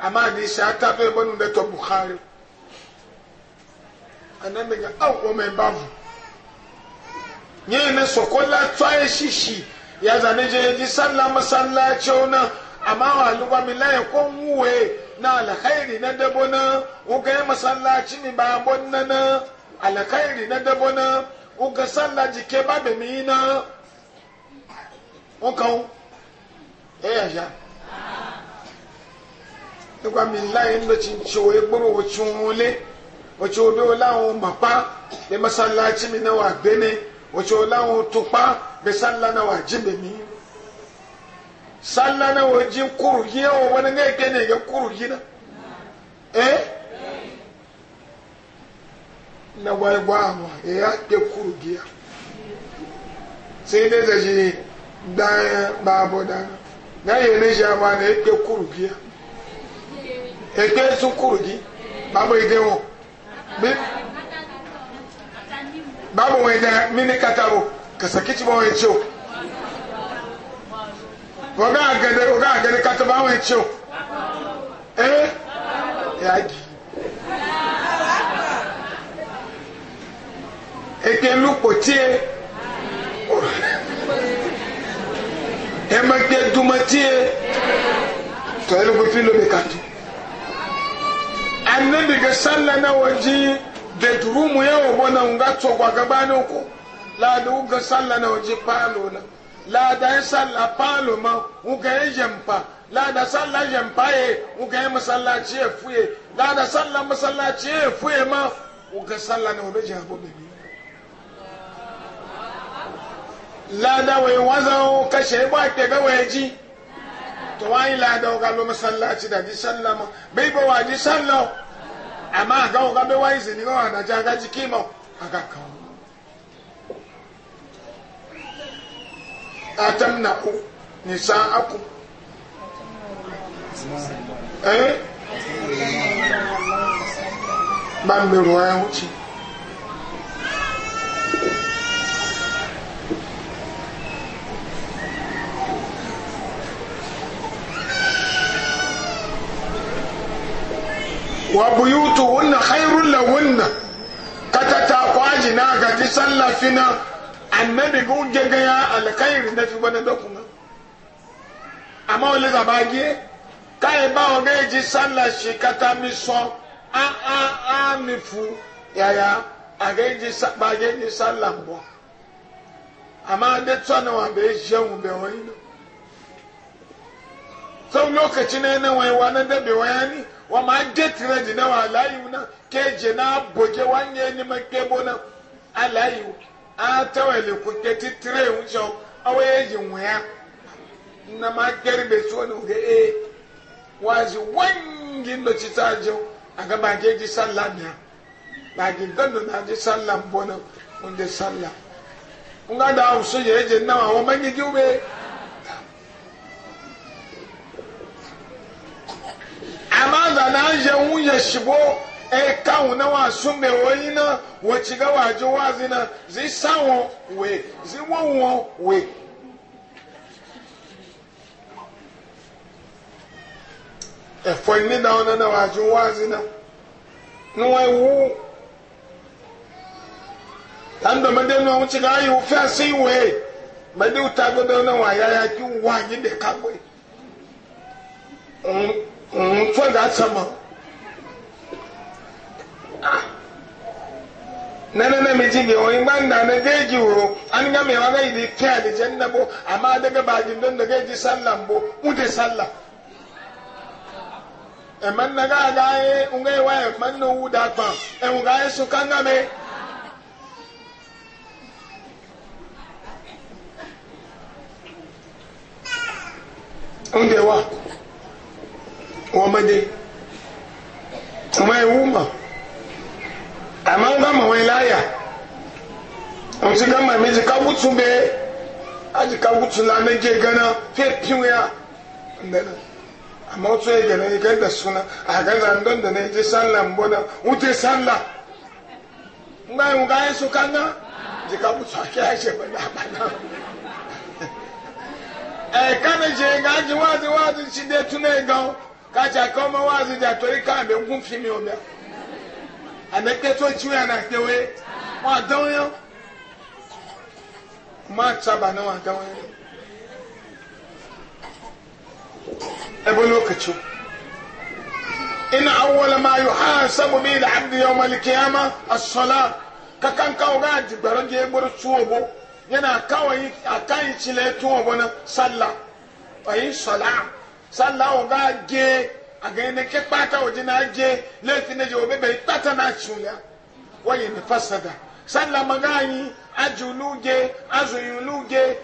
amma ni ta be banu da to bukhari anambe nga aw wɔmɛ bavu nyɛ ne sɔkola tɔɛ sisi yaza ne dze di sanla masanla tsew na ama wa aluwa mi la yɛ ko nwue na alakairi ne debo na woge masanla tsi mi ba bɔ nne na alakairi ne debo na woge sanla dzike ba bɛ mi yi na wokan eya ya ne ko ami la yɛ ne tsi tsi o ye o tsi o le wace odo lawon mapa da masallaci mi na wa bene wace lawon tupa da salla na wa jimbe mi salla na wa jin kurgi yawa wani ga yake ne ga kurgi na eh na wa gwa ama e ya e ke kurgi ya sai dai da shi dan babo dan na yene shi ama na yake kurgi ya eke sun kurgi babu ide e wọn bi babu wai da mini kataro ka saki ci ba wai ciwo waga a gani waga a gani kata ba wai ciwo eh yaki eke lupo tie emake duma tie to elubu filo mi katu annabi ga sallah na waje bedroom ya wabo na nga tsogwa gabanin ku ladu ga sallah na waje palo na lada ya sallah palo ma nga ya jamfa lada sallah jamfa ye nga ya masallaci ya fuye lada sallah masallaci ya fuye ma nga sallah na wabe jabo bebe lada wai wazo kashe ba ke ga waje to wani lada ga lo masallaci da ji sallama bai ba wa ji sallau amma ga ga bai wani zini ga da ja ga jiki mo aga kan atamnaku nisa'aku eh ban bi ruwa ya wuce wa buyutu hunna khairun lahunna kata ta kwaji na ga ti sallafina annabi gu gegaya alkhairi na fi bana dokuna amma wale zabagiye kai ba oga ji sallashi kata mi so a a a mi fu yaya aga ji ba ge ji sallambo amma da tsana wa be shehu be wani so lokaci ne na wai wani da be wani wa ma je tire di na wa alayi na ke je na boje wa nye ni ma ke bo na alayi a ta wa le ko ke ti tire wu so awo ye ji wu ya na ma keri be so ni ke e wa ji wangi no ci ta jo aga ba ke ji sallah ya ba ki gando na ji sallah bo na unde sallah nga da so na wa ma amma da na yawun ya shigo e kawo na wa sun bɛ wɔyi na wɔ wa jo wa zi zi sa we zi wɔn wɔn we. ɛfɔ e ni da wɔn na wa jo wa zi na ni wɔn e wu ta ndɔ mɛ de na wɔn wo fɛ si we mɛ de wo na wa yaya ki wa yi de ka gbɛ òun fọ́gà sọmọ nanana mi ji bi o in ban da na geji wo an ga me wa ga idi kya di janna bo amma daga bajin don da geji sallan bo ude sallah e man na ga ga e un ga wa e man no u da pa e un ga e su kan ga me un de wa woman de kuma yi e woman a ma ga ma wani laya on ti gama mi ji kawutu be a ji kawutu la me je gana fe piwu ya a ma otu ya gana ike da suna a ga na ndon da na je sallah mbo na wute sallah nga yi e nga yi su kanga ji kawutu a kiya ishe ba na ba na ẹ e kánìjì ẹ gáàjì wáàdì wáàdì ṣì dé túnú ẹ gan. kacha ka ọmọ nwaazị ji atọrị ka mgbe ngwu mfi mi ụbịa ana ekpeta ochiwe ya na kewe ma adọnyo ma chaba na ma adọnyo ebe lokaci ina awwala ma yuhasabu bi al-abd yawm al-qiyamah as-salat kakan ka ga jigbaro je gboro tuobo yana kawai akan chile tuobo na sallah ayi salat sallahu ga je aga ne ke kpata o jina je lati ne je o bebe kpata na chuya waye ne fasada sallah magani ajulu je azuyulu je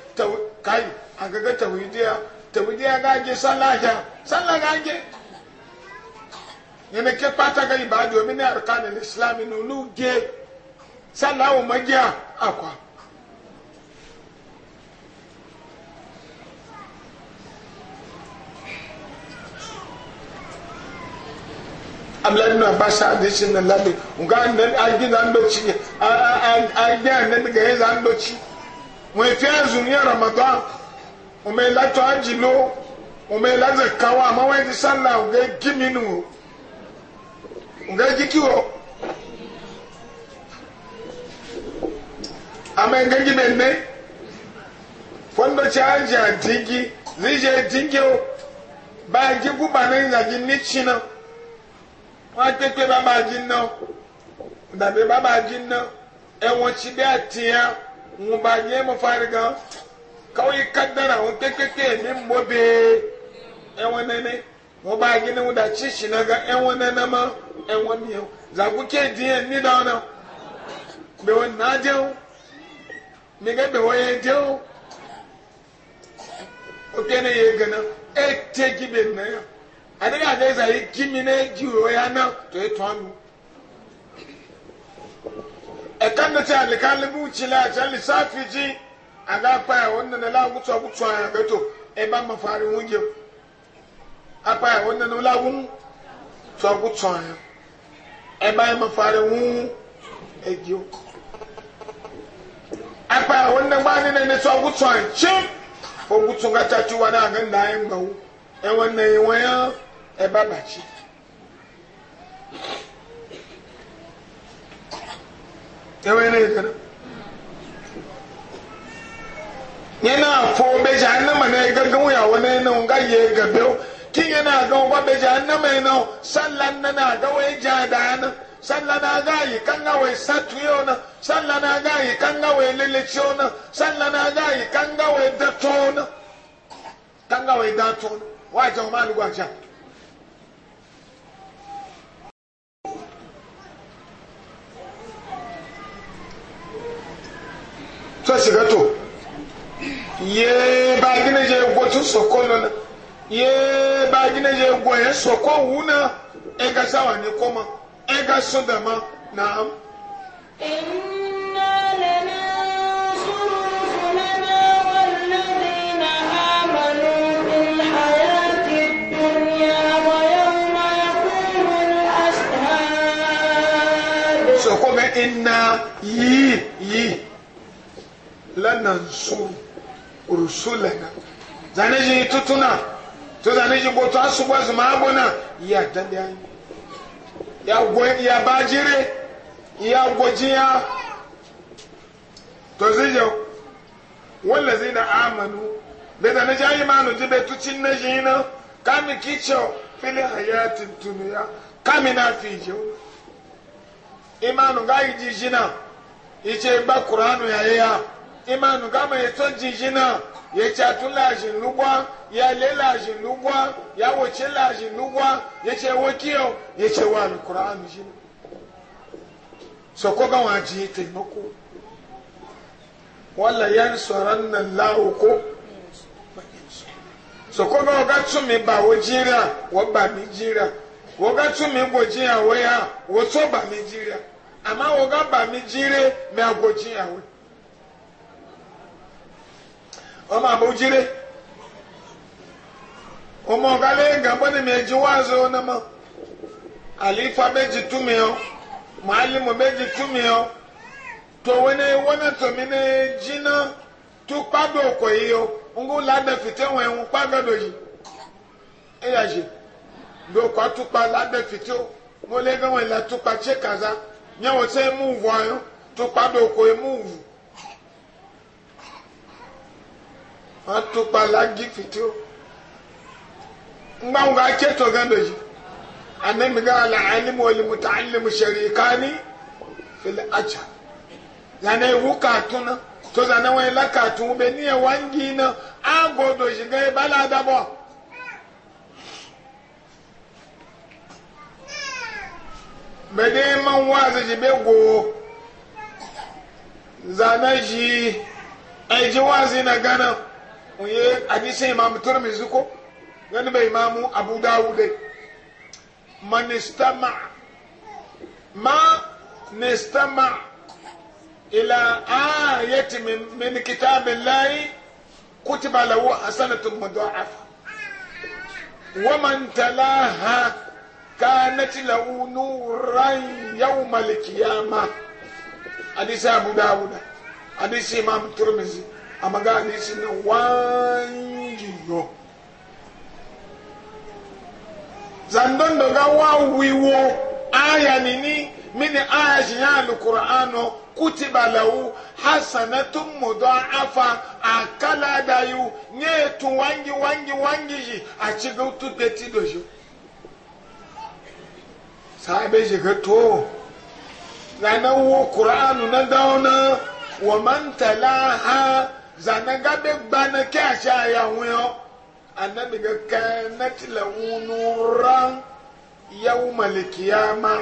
kai aga ga tawhidiya tawhidiya ga je sallah ja sallah ga je ne ke kpata ga ibadu min arkan al-islam nu lu je akwa abdullahi na ba sha da shi na labe nga nan a gi zan doci a gi a nan ga yi zan doci wai fi a zuniya ramadan o mai lato ajilo o mai laza kawo amma wai di sallah ga gimi nu ga gi kiwo amma ga gi ne fondo ci aji a dingi zai je dingi ba gi gubanin zagi ni cinan wọn tètè bàbá àjí ná dàbí bàbá àjí ná ẹwọn tsi bí àtìyà ŋun bá yẹ mo fari gan káwọn yìí ká dára wọn kékeré mi mọ bẹ́ẹ̀ ẹwọn nẹnẹ wọn bá yẹ ni wọn dà tsi tsi náà gan ẹwọn nẹnẹ mọ ẹwọn miẹ zàkúkẹ́ ìdíyẹ nídàá náà bẹ̀wò nàá jẹun mìíràn bẹ̀wò yẹn jẹun ó kẹ́ ne yẹ gẹ́nà ẹ tẹ́ jí bẹ̀ nà yẹn. adịghị adị eza yi gimi na ji uwe ya na tụ ịtụ ọnụ ẹka nnọchi alikali la uchile acha lissafi ji aga apa ya wọn nana lagwutu agwutu anya beto ebe amafari nwunye apa ya wọn nana lagwutu agwutu anya ebe amafari nwunye egio apa ya wọn nana gbani na nnesu agwutu anya chim ogwutu ngachachi wa na aga nda anyị mgbawu ẹwọn na ịnwe ya ɛba bakyi ɛwɔ ne yɛ kana nyɛnɛ afɔ bɛgya anama na ɛgaga wo yɛ awɔ ne na nga yɛ gabɛw kinye na aga wo bɛgya anama yɛ na sanla na na aga wo egya adaa na sanla na aga ayi kanga wo esatue ona sanla na aga ayi kanga wo elelekyi ona sanla na aga ayi kanga wo edato ona kanga wo edato ona wa agya wo ma alugu agya. tó shiga to ye ba gina je go tun soko lona ye ba gina je go ye soko wuna e ga sawa ne koma e ga sunda ma na'am inna lana nansuru rusulana zane ji tutuna to zane ji boto asugba zuma abuna ya dande anyi ya gwo ya bajire ya gwojiya to zijo wallazina amanu be zane ji ayimanu ji be tucin na ji na kami kicho fili hayatin dunya kami na fijo imanu ga yi ji jina ice gba kuranu ya ya imanu gama ya tso jinji na ya catu lajin lugwa ya le lajin lugwa ya wace lajin ya ce ya ce wa alkur'an jini so ko ga te taimako wala yan soran nan lawo ko so ko ga ga tumi ba wo jira wo ba mi jira wo ga tumi bo jira wo ya wo so ba mi jira amma wo ga ba mi jire me agoji ya wo ọmọ àbò jíre ọmọ ọ̀gálé gàmbọ́n ni mẹ́jì wáàzọ ọ̀nàmọ́ àlífà méjì túmí ọ màálìmù méjì túmí ọ tòwé ní wọ́nà tòmí ní jiná tó kpádùn ọkọ̀ yìí o ńgó ládẹ́ fìtẹ́ wọn ẹ̀hún kpágọ́dọ̀ yìí ẹ̀yà yìí lóko atukpa ládẹ́ fìtẹ́ o mo lé gánwó ìlà tukpa tse kàza nyẹ́wò sẹ́ mú wọ́ ẹ̀ tukpa dòkò ẹ̀ mú wù. atukpa la dzi fiti wo ŋgbawo gaa tse tɔ gan do yi anami gaa la alimu olimu ta alimu sari kaani fili atsa zana ewu kaatu na to zana wɔnyi la kaatu bɛ ni yɛ wangi na ago do yi gaa eba la dabɔ. bɛde man waazi yi bɛ go zana yi ɛyi waazi na gana onye hadisi imam turmizi ko wani bai imamu abu dawude manistama ma nistama ila ayati min kitabillahi kutiba lahu hasanatun mudha'afa wa man talaha kanat lahu nuran yawm al-qiyamah hadisi abu dawuda hadisi imam turmizi amaga ni sinu wangiyo zandondo ga wa wiwo aya nini mini aya jinya alqur'ano kutiba lahu hasanatun mudha'afa akala dayu nye tu wangi wangi wangi ji a ciga tu beti dojo sabe je ga to ranar wo qur'anu na dauna wa man talaha zanaga de gbana kí àṣà àyàwó yẹn anabiga kanati la wunu ran yawu malikiyama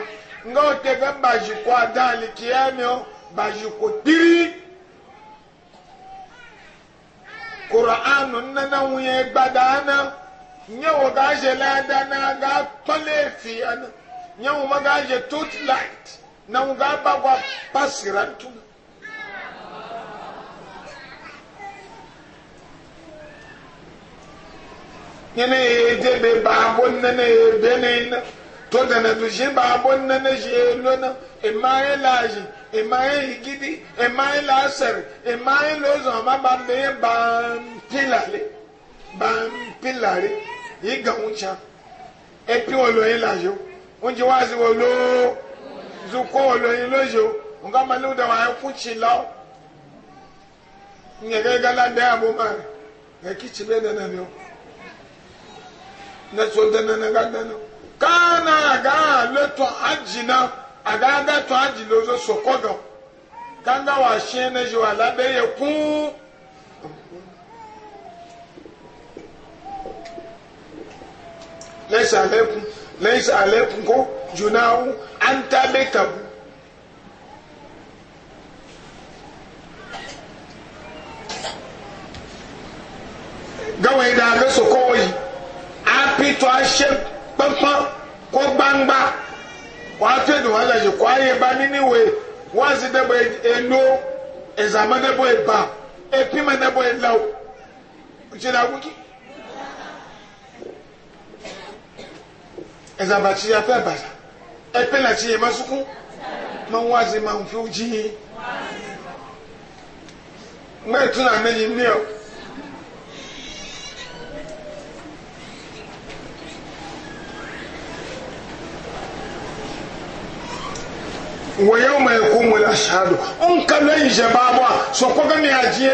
nga o tẹ ka baasi kọ adan alikiyami o baasi kọ tiri kur'anu nana wunye gbadana nye wo ka ṣe ladana ka tọ́lẹ̀ fìyà na nye wo ma ka ṣe torchlight na wo ka ba wa pasira tuma. yene ye jebe baabo nene ye bene na to dana to je baabo nene je lona emaye laji emaye igidi emaye laser emaye lozo ama ba le ban pilale ban pilare yi ga uncha e pi olo yin lajo unje wa si wolo zuko olo yin lojo nga malu da wa ku chi lo ngege gala da bo ma e kichi be na na o na so dana na ga dana kana ga le to ajina aga ga to ajina ozo sokodo kanga wa she na ji wa labe ye ku laysa alaykum laysa alaykum ko junahu anta bitabu gawa idan ga sokoyi apitɔ ahyɛ kpɛkpɛn kɔ gbangba wàtò ni wọn lẹsẹ kọ ayé ba nínú ìwé wọn sì dẹbọ èlò ẹzàmọ dẹbọ ẹbà ẹpímọ dẹbọ ẹlẹwò òṣèlú agùnkì ẹzàmọ àti ìyá fẹ bàtà ẹpẹ làti ìyẹmọ sukùn mọ wọn sì máa ń fi ojú yín mọ ètò náà mẹyìn ní ọ. wa yau mai kumula shahadu in kallon shi babuwa so ko gani ya